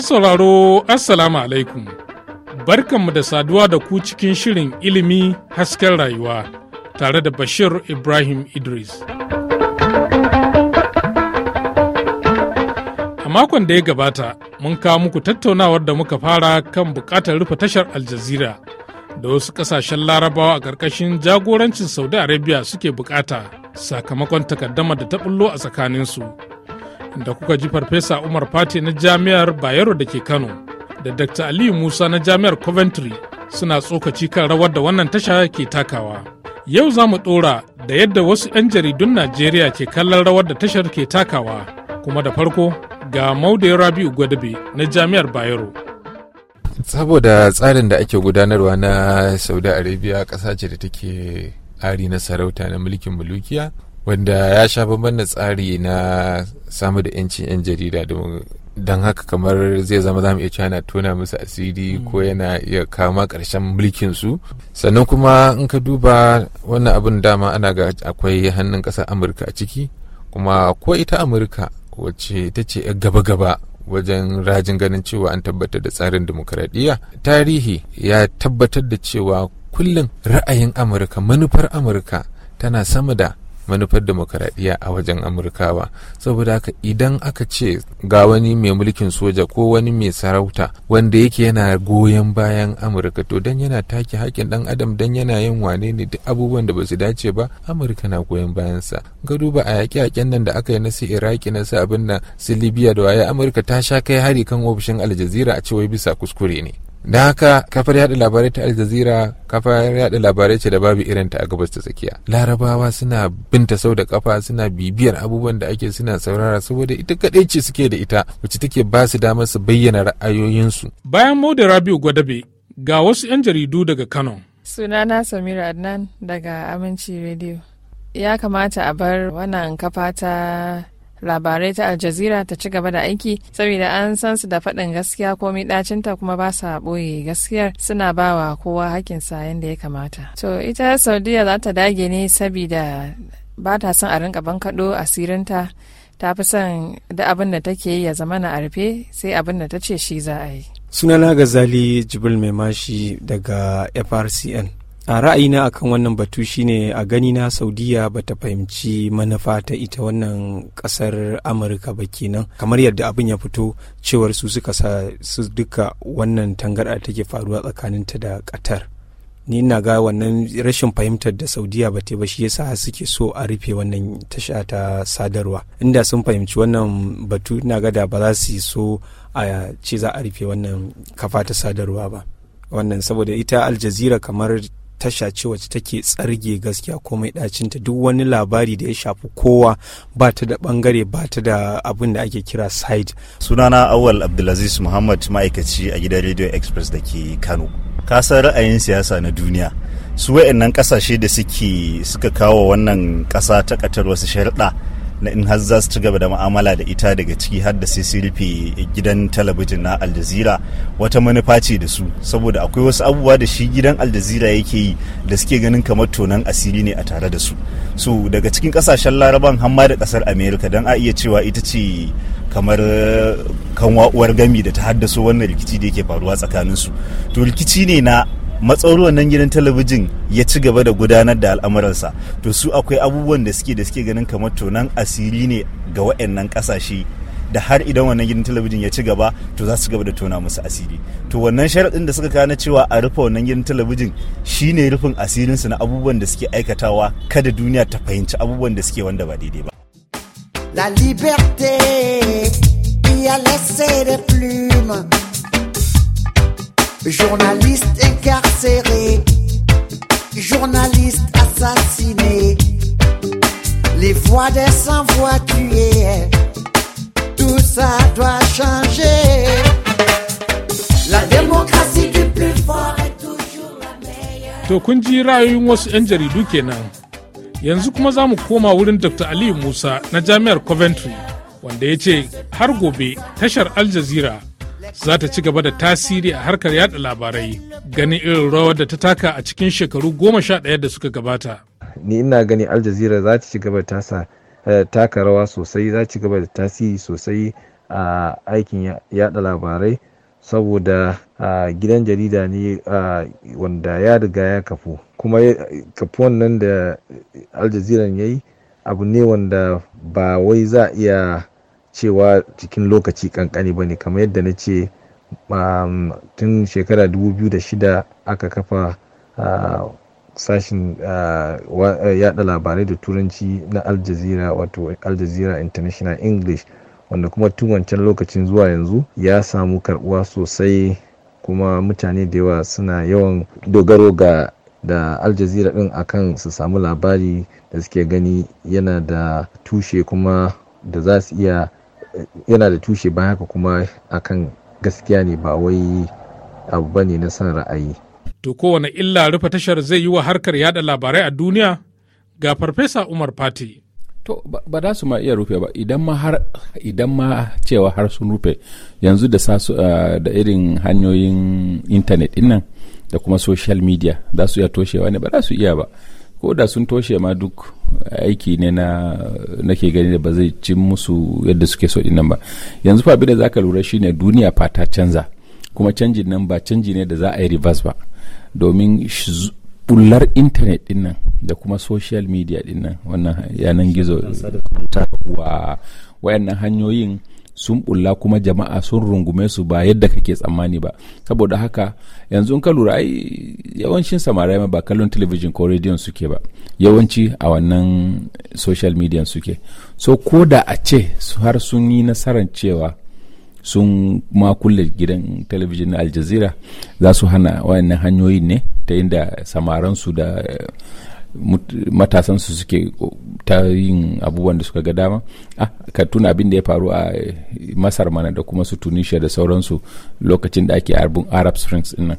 Masu sauraro Assalamu alaikum. Barkanmu da saduwa da ku cikin shirin ilimi hasken rayuwa tare da Bashir Ibrahim Idris. A makon da ya gabata mun kawo muku tattaunawar da muka fara kan bukatar rufe tashar Aljazira da wasu kasashen larabawa a ƙarƙashin jagorancin Saudi Arabia suke bukata sakamakon takaddama da ta bullo a tsakaninsu. da kuka ji farfesa umar fati na jami'ar bayero da ke kano da dr aliyu musa na jami'ar coventry suna tsokaci kan rawar da wannan tasha ke takawa yau za mu ɗora da yadda wasu 'yan jaridun najeriya ke kallon rawar da tashar ke takawa kuma da farko ga maude rabi'u gwadabe na jami'ar bayero saboda tsarin da ake gudanarwa na saudi arabia ƙasa ce da take ari na sarauta na mulkin mulukiya wanda ya sha bamban na tsari na samu da 'yancin 'yan jarida don haka kamar zai zama zamu iya cewa na tona musu asiri hmm. ko yana iya kama karshen mulkin su sannan kuma in ka duba wannan abin dama ana ga akwai hannun ƙasa amurka a ciki kuma ko ita amurka wacce ta ce gaba-gaba wajen rajin ganin cewa an tabbatar da tsarin dimokuraɗiyya tarihi ya tabbatar da cewa kullum ra'ayin amurka manufar amurka tana sama da manufar demokaradiyya a wajen amurkawa saboda haka idan aka ce ga wani mai mulkin soja ko wani mai sarauta wanda yake yana goyon bayan amurka to dan yana take hakin dan adam dan yana yin wane ne duk abubuwan da ba su dace ba amurka na goyon bayansa ga duba a yaƙe-yaƙen nan da aka yi na su iraki na su abin na su libya da waye amurka ta sha kai hari kan ofishin aljazira a cewa bisa kuskure ne da haka kafar yada labarai ta aljazira kafar yada labarai ce da babu irinta a gabas ta tsakiya larabawa suna binta sau da kafa suna bibiyar abubuwan da ake suna saurara saboda ita kadai ce suke da ita wacce take ba su damar su bayyana ra'ayoyinsu bayan moda rabiu gwadabe ga wasu 'yan jaridu daga kano sunana samira adnan daga aminci radio ya kamata a bar wannan kafa ta labarai ta aljazira ta ci gaba da aiki saboda an san su da faɗin gaskiya komai ɗacinta kuma ba sa ɓoye gaskiyar suna ba wa kowa hakinsa yadda ya kamata to ita saudiya za ta dage ne saboda ba ta son a rinka bankaɗo asirinta ta fi son da abin da take yi ya zama na a sai abin da ta ce shi za a yi sunana gazali jibril mai mashi daga frcn a ra'ayina akan wannan batu shine a gani na saudiya bata fahimci manufa ta ita wannan kasar amurka ba kenan kamar yadda abin ya fito cewar su suka sa su duka wannan tangarɗa take faruwa tsakaninta da qatar ni ina ga wannan rashin fahimtar da saudiya ba ta ba shi yasa suke so a rufe wannan tasha ta sadarwa inda sun fahimci wannan batu ina ga da ba za su so a ce za a rufe wannan kafa ta sadarwa ba wannan saboda ita aljazira kamar tasha ce wacce take tsarge gaskiya komai ɗacinta duk wani labari da ya shafi kowa ba ta da bangare ba ta da abin da ake kira side sunana awal abdulaziz muhammad ma'aikaci a gidan radio express da ke kano kasar ra'ayin siyasa na duniya su wa'annan kasashe da suke suka kawo wannan kasa ta katar wasu sharɗa na in har za su ci gaba da mu'amala da ita daga ciki har da sai rufe gidan talabijin na al jazeera wata manufa ce da su saboda akwai wasu abubuwa da shi gidan al jazeera yake yi da suke ganin kamar tonan asiri ne a tare da su so daga cikin kasashen laraban hamma da kasar america don a iya cewa ita ce kamar kanwa uwar gami da ta haddaso wannan rikici da yake faruwa tsakanin su to rikici ne na matsaruwan nan gidan talabijin ya ci gaba da gudanar da al'amuransa to su akwai abubuwan da suke da suke ganin kamar tonan asiri ne ga waɗannan kasashe da har idan wannan gidan talabijin ya ci gaba to za su gaba da tona musu asiri to wannan sharaɗin da suka kana cewa a rufe wannan gidan talabijin shine rufin asirin su na abubuwan da suke aikatawa kada duniya ta fahimci abubuwan da suke wanda ba daidai ba La liberté, y a laissé des plumes Journaliste incarcéré, journaliste assassiné, les voix des sans-voix tuées, tout ça doit changer. La démocratie du plus fort est toujours la meilleure. To kun ji ra'ayoyin wasu 'yan jaridu kenan. Yanzu kuma za mu koma wurin Dr. Aliyu Musa na Jami'ar Coventry, wanda ya ce har gobe tashar Al Jazeera za ta ci gaba da tasiri a harkar yada labarai ganin irin rawar da ta taka a cikin shekaru goma sha ɗaya da suka gabata. Ni ina gani Al Jazeera za ta ci gaba da eh, taka rawa sosai za ci gaba da tasiri sosai a aikin yada labarai saboda gidan jarida ne wanda ya riga ya kafu kuma eh, kafu wannan da Al Jazeera ya yi abu ne wanda ba wai za a iya cewa cikin lokaci kankani ba ne kamar yadda na ce um, tun shekara 2006 aka kafa uh, sashin uh, uh, yada labarai da turanci na al jazeera wato al jazeera international english wanda kuma tun wancan lokacin zuwa yanzu ya samu karbuwa sosai kuma mutane da yawa suna yawan dogaro ga da al jazeera din akan su samu labari da suke gani yana da tushe kuma da za su iya yana da tushe bayan haka kuma akan gaskiya ne ba wai abu ba ne na san ra'ayi to kowane illa rufe tashar zai yi wa harkar yada labarai a duniya ga farfesa umar fati to ba za su ma iya rufe ba idan ma har cewa har sun rufe yanzu da sasu ah, irin hanyoyin intanet din da kuma social media za su iya toshewa ne ba za su iya ba ko da sun toshe ma duk aiki ne na nake gani da ba zai ci musu yadda suke so dinnan ba yanzu fa da zaka lura shine duniya fa ta canza kuma canjin nan ba canji ne da za a yi reverse ba domin bullar intanet dinnan da kuma social media dinnan wannan yanan gizo wa wayannan hanyoyin sun bulla kuma jama'a sun rungume su ba yadda kake tsammani ba saboda haka yanzu in ka lura ai yawancin samarai ma ba kallon television ko rediyon suke ba yawanci a wannan social media suke so ko da a ce har sun yi nasarar cewa sun ma kulle gidan television na aljazira za su hana wayannan hanyoyin ne ta inda samaransu da matasan su suke ta yin abubuwan da suka ga dama ah ka tuna abin da ya faru a eh, masar mana da kuma su tunisia da sauransu lokacin da ake arab springs nan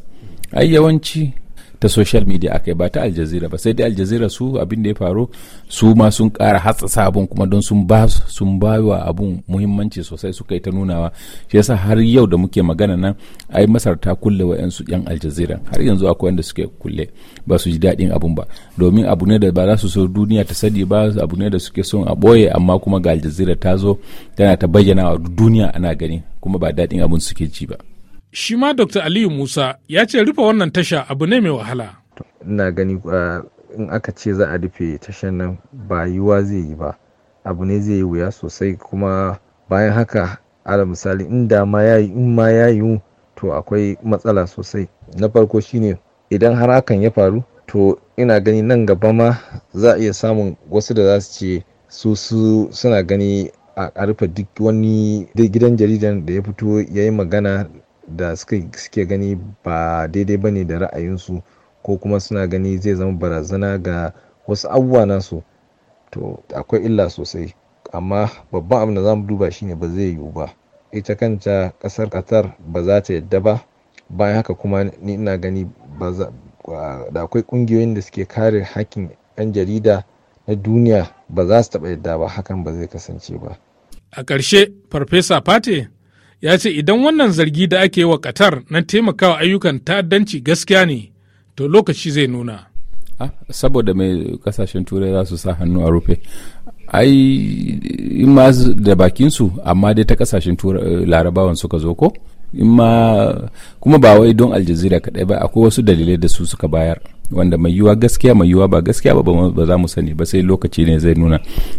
ai yawanci ta social media aka ba ta aljazira ba sai dai aljazira su abin da ya faru su ma sun kara hatsa sabon kuma don sun ba sun wa abun muhimmanci sosai suka yi ta nunawa shi yasa har yau da muke magana nan ai masar ta kulle wa'yansu yan aljazira har yanzu akwai wanda suke kulle ba su ji daɗin abun ba domin abu ne da ba za su so duniya ta sani ba abu ne da suke son a ɓoye amma kuma ga aljazira ta zo tana ta bayyana wa duniya ana gani kuma ba daɗin abun suke ji ba shi ma dr aliyu musa ya ce rufe wannan tasha abu ne mai wahala ina gani uh, in aka ce za a rufe tashar nan ba yiwuwa zai yi ba abu ne zai yi wuya sosai kuma bayan haka ala misali inda ma ya yi in ma ya yi to akwai matsala sosai na farko shine idan har hakan ya faru to ina gani nan gaba ma za a iya samun wasu da za su ce su su suna gani a rufe duk wani gidan jaridan da ya fito ya yi magana da suke gani ba daidai ba ne da ra'ayinsu ko kuma suna gani zai zama barazana ga wasu abubuwa nasu to akwai illa sosai amma babban abin da zamu duba shine ba zai yiwu ba ita kanta kasar qatar ba za ta yadda ba bayan haka kuma ni ina gani da akwai kungiyoyin da suke kare hakkin 'yan jarida na duniya ba za su taɓa yadda ba hakan ba zai kasance ba a ƙarshe farfesa fate ya ce idan wannan zargi da ake wa qatar na taimakawa ayyukan ta'addanci gaskiya ne to lokaci zai nuna ah, saboda mai kasashen turai za su sa hannu a rufe ai in ma da bakinsu amma dai ta kasashen eh, larabawan suka zo ko in ma kuma ba wai don aljazira kadai ba akwai wasu dalilai da su suka bayar wanda mai yiwuwa gaskiya mai yiwuwa ba gaskiya ba ba za mu sani ba sai lokaci ne zai nuna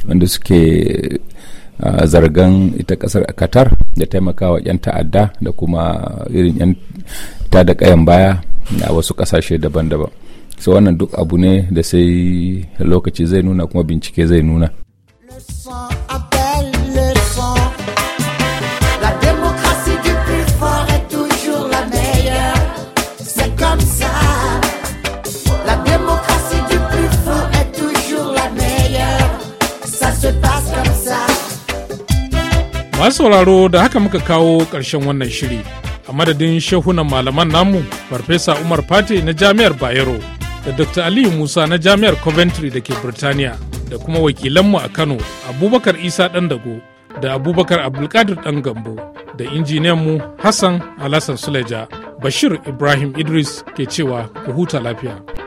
wanda suke zargan ita kasar qatar da taimakawa 'yan ta'adda da kuma irin 'yan ta da kayan baya a wasu kasashe daban-daban so wannan duk abu ne da sai lokaci zai nuna kuma bincike zai nuna Masu sauraro da haka muka kawo ƙarshen wannan shiri a madadin shehunan malaman namu Farfesa Umar fati na Jami'ar Bayero da Dr. Aliyu Musa na Jami'ar Coventry da ke Birtaniya da kuma wakilanmu a Kano Abubakar Isa Dandago da Abubakar Abdulkadir ɗan Gambo da injiniyanmu Hassan Alassan Suleja Bashir Ibrahim Idris ke cewa ku huta lafiya.